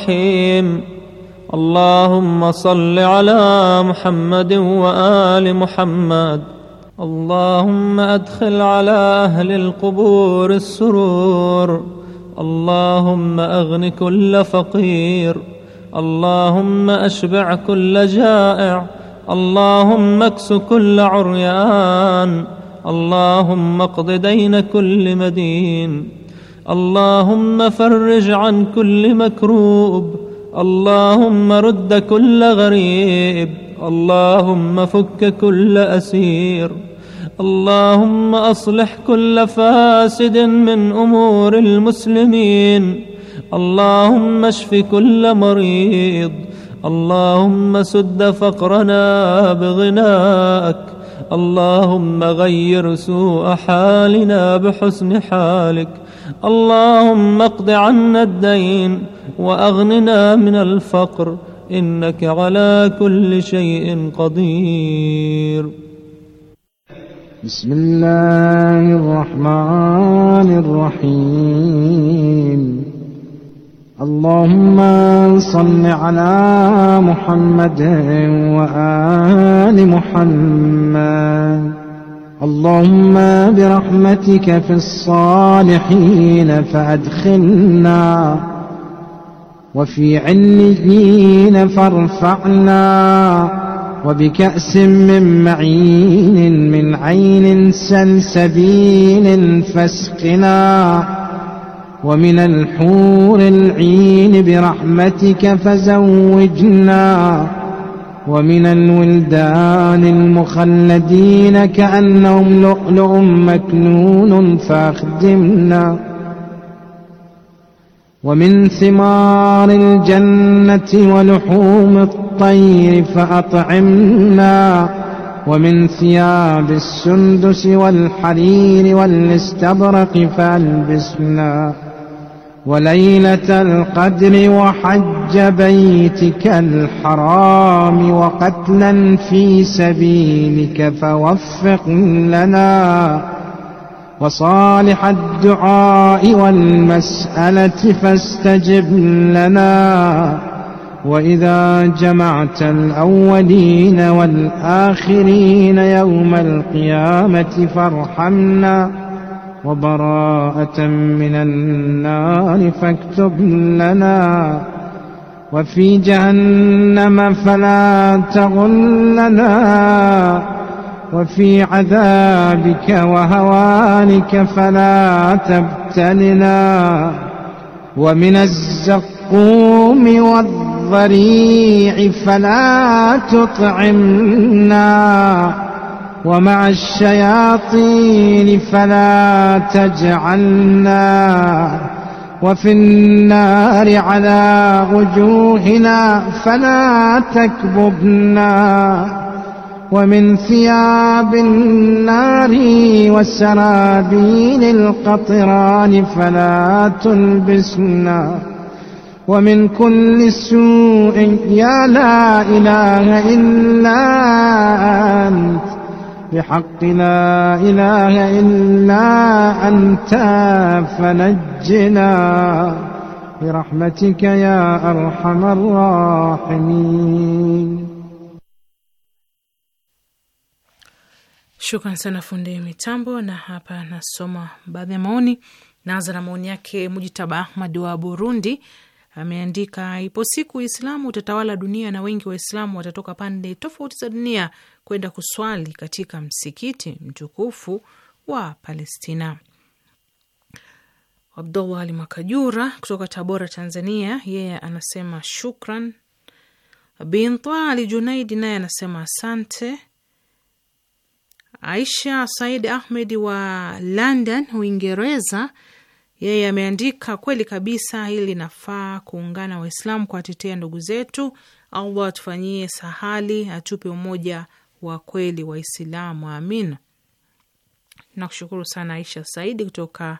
الرحيم اللهم صل على محمد وآل محمد اللهم أدخل على أهل القبور السرور اللهم أغن كل فقير اللهم أشبع كل جائع اللهم اكس كل عريان اللهم اقض دين كل مدين اللهم فرج عن كل مكروب اللهم رد كل غريب اللهم فك كل اسير اللهم اصلح كل فاسد من امور المسلمين اللهم اشف كل مريض اللهم سد فقرنا بغناك اللهم غير سوء حالنا بحسن حالك اللهم اقض عنا الدين واغننا من الفقر انك على كل شيء قدير بسم الله الرحمن الرحيم اللهم صل على محمد وآل محمد اللهم برحمتك في الصالحين فأدخلنا وفي عليين فارفعنا وبكأس من معين من عين سلسبيل فاسقنا ومن الحور العين برحمتك فزوجنا ومن الولدان المخلدين كأنهم لؤلؤ مكنون فأخدمنا ومن ثمار الجنة ولحوم الطير فأطعمنا ومن ثياب السندس والحرير والاستبرق فألبسنا وليلة القدر وحج بيتك الحرام وقتلا في سبيلك فوفق لنا وصالح الدعاء والمسألة فاستجب لنا وإذا جمعت الأولين والآخرين يوم القيامة فارحمنا وبراءة من النار فاكتب لنا وفي جهنم فلا تغلنا وفي عذابك وهوانك فلا تبتلنا ومن الزقوم والضريع فلا تطعمنا ومع الشياطين فلا تجعلنا وفي النار على وجوهنا فلا تكببنا ومن ثياب النار والسرابين القطران فلا تلبسنا ومن كل سوء يا لا إله إلا أنت بحق لا إله إلا أنت فنجنا برحمتك يا أرحم الراحمين Shukran sana fundi mitambo. Na hapa nasoma baadhi ya maoni. Naanza na maoni yake Mujitaba Ahmad wa Burundi ameandika, ipo siku Uislamu utatawala dunia na wengi Waislamu watatoka pande tofauti za dunia kwenda kuswali katika msikiti mtukufu wa Palestina. Abdullah Ali Makajura kutoka Tabora, Tanzania, yeye yeah, anasema shukran. Binta Ali Junaidi naye anasema asante. Aisha Said Ahmed wa London, Uingereza, yeye ameandika kweli kabisa, hili linafaa kuungana Waislamu kuwatetea ndugu zetu. Allah atufanyie sahali, atupe umoja wa kweli Waislamu, amin. Nakushukuru sana Aisha Saidi kutoka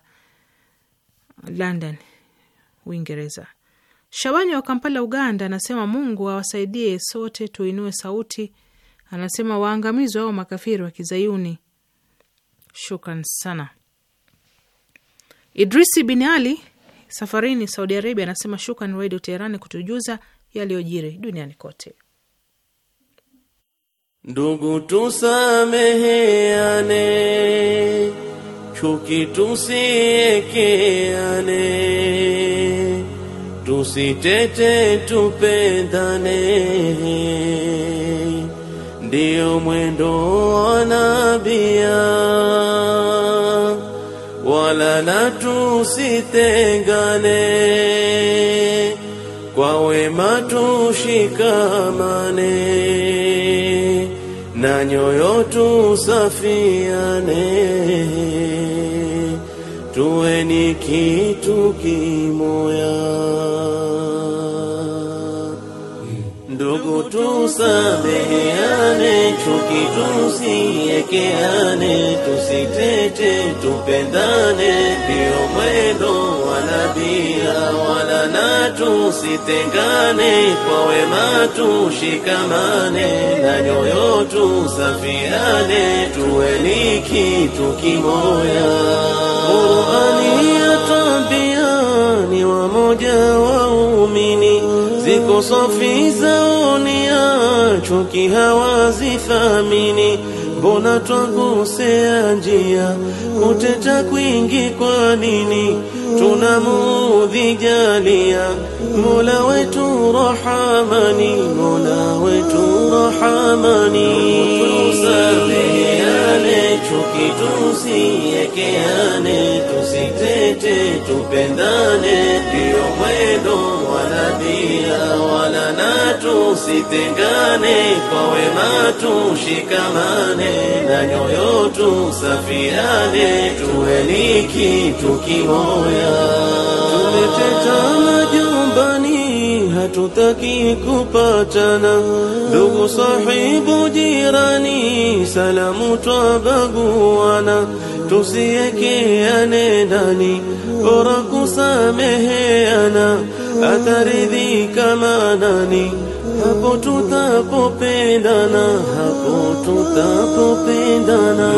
London, Uingereza. Shabani wa Kampala, Uganda anasema Mungu awasaidie sote tuinue sauti. Anasema waangamizi hao makafiri wa Kizayuni. Shukran sana. Idrisi bin Ali safarini Saudi Arabia anasema shukran Redio Teherani kutujuza yaliyojiri duniani kote. Ndugu, tusameheane, chuki tusiekeane, tusitete, tupendane, ndiyo mwendo wa nabia wala na tusitengane, kwa wema tushikamane, na nyoyo tusafiane, tuwe ni kitu kimoya. tusameheane, chuki tusiekeane, tusitete, tupendane, ndio mwendo wa nabia wala na tusitengane, kwa wema tushikamane, na nyoyo tusafiane, tuwe ni kitu kimoya. Qurani yatambia ni wa moja waumini, ziko safi ya unia, chuki hawazithamini mbona twakosea njia kuteta kwingi kwa nini tunamudhijalia jalia mola wetu rahamani mola wetu rahamani tusameheane chuki tusiekeane tusitete tupendane ndiyo mwema tusitengane kwa wema tushikamane, na nyoyo tusafiane, tuwe tukimoya kitu kimoya. Tumetetana jumbani, hatutaki kupatana, ndugu sahibu jirani, salamu twabaguana, tusiekeane ndani, bora kusameheana, ataridhi kama nani hapo tutapopendana, hapo tutapopendana,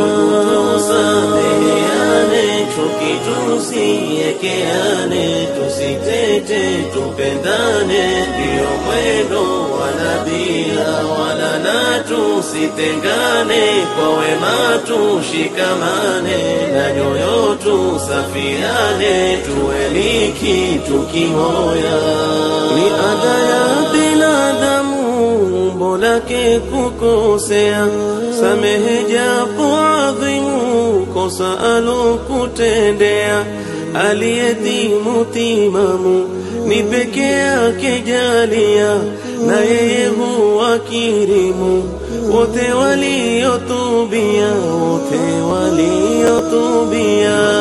tusameheane chuki tusiekeane, tusitete, tupendane, ndiyo mwendo wa nabia wala na tusitengane, kwa wema tushikamane, na nyoyo tusafiane, tueliki tukimoya ni ada binadamu lake kukosea, samehe japo adhimu kosa alokutendea. Aliyetimu timamu ni peke yake jalia, na yeye huwa kirimu wote waliotubia, wote waliotubia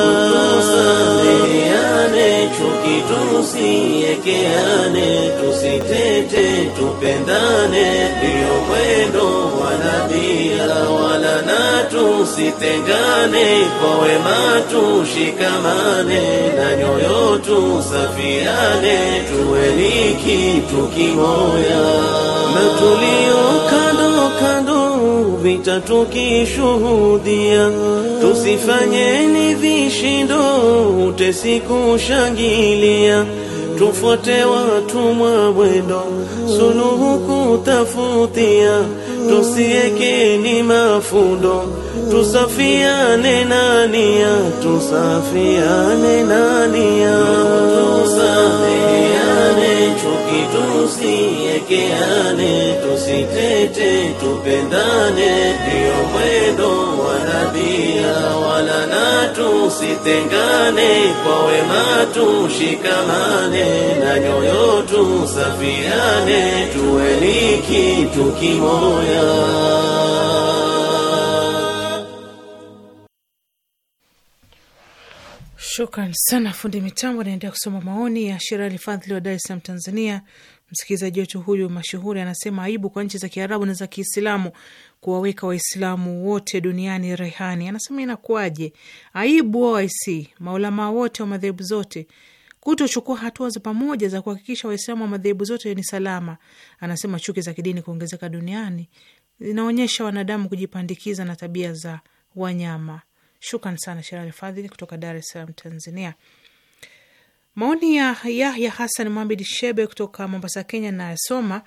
tusigombane, chuki tusiekeane, tusitete, tupendane, ndiyo mwendo wa nabia wala na tusitengane, kwa wema tushikamane, na nyoyo tusafiane, tuweni kitu kimoya na tulioka vita tukishuhudia, tusifanyeni vishindo, utesi kushangilia tufuate watumwa mwendo, suluhu kutafutia, tusiekeni mafundo, tusafiane nania, tusafiane nania, tusafiane chuki tusi tusicheane, tusitete, tupendane, ndiyo mwendo wa nabia, wala na tusitengane, kwa wema tushikamane, na nyoyo tusafiane, tuweni kitu kimoya. Shukran sana fundi mitambo. Naendelea kusoma maoni ya Sherali Fadhili wa Dar es Salaam, Tanzania. Msikilizaji wetu huyu mashuhuri anasema aibu kwa nchi za Kiarabu na za Kiislamu kuwaweka Waislamu wote duniani rehani. Anasema inakuwaje? Aibu OIC, maulamaa wote wa madhehebu zote kutochukua hatua za pamoja za kuhakikisha Waislamu wa madhehebu zote ni salama. Anasema chuki za kidini kuongezeka duniani zinaonyesha wanadamu kujipandikiza na tabia za wanyama. Shukran sana Sherali Fadhili kutoka Dar es Salaam, Tanzania. Maoni ya Yahya Hasan Muhamed Shebe kutoka Mombasa, Kenya nayasoma.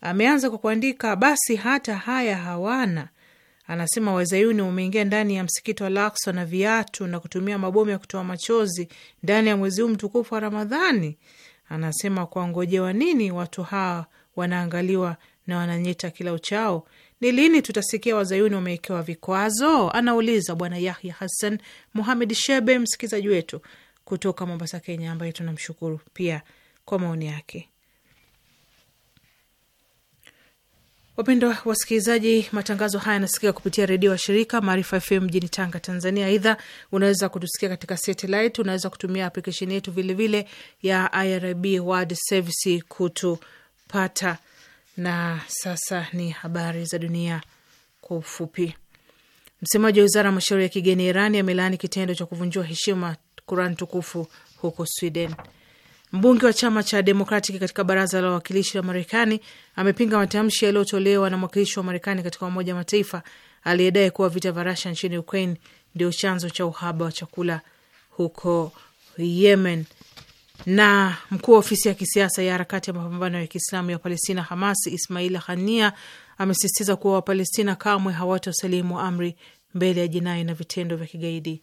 Ameanza kwa kuandika basi hata haya hawana. Anasema Wazayuni wameingia ndani ya msikiti wa Al-Aqsa na viatu na kutumia mabomu ya kutoa machozi ndani ya mwezi huu mtukufu wa Ramadhani. Anasema kuangojewa nini? Watu hawa wanaangaliwa na wananyeta kila uchao. Ni lini tutasikia Wazayuni wamewekewa vikwazo? Anauliza Bwana Yahya Hassan Muhamed Shebe, msikilizaji wetu kutoka Mombasa, Kenya, ambaye tunamshukuru pia kwa maoni yake. Wapendwa wasikilizaji, matangazo haya yanasikika kupitia redio wa shirika Maarifa FM mjini Tanga, Tanzania. Aidha, unaweza kutusikia katika satellite, unaweza kutumia aplikesheni yetu vilevile ya IRIB World Service kutupata. Na sasa ni habari za dunia kwa ufupi. Msemaji wa wizara ya mashauri ya kigeni Irani amelaani kitendo cha kuvunjiwa heshima Quran tukufu huko Sweden. Mbunge wa chama cha Demokratic katika baraza la wawakilishi la Marekani amepinga matamshi yaliyotolewa na mwakilishi wa Marekani katika Umoja wa Mataifa aliyedai kuwa vita vya Rusia nchini Ukraine ndio chanzo cha uhaba wa chakula huko Yemen. Na mkuu wa ofisi ya kisiasa ya harakati ya mapambano ya kiislamu ya Palestina, Hamas, Ismail Hania amesisitiza kuwa Wapalestina kamwe hawatosalimu amri mbele ya jinai na vitendo vya kigaidi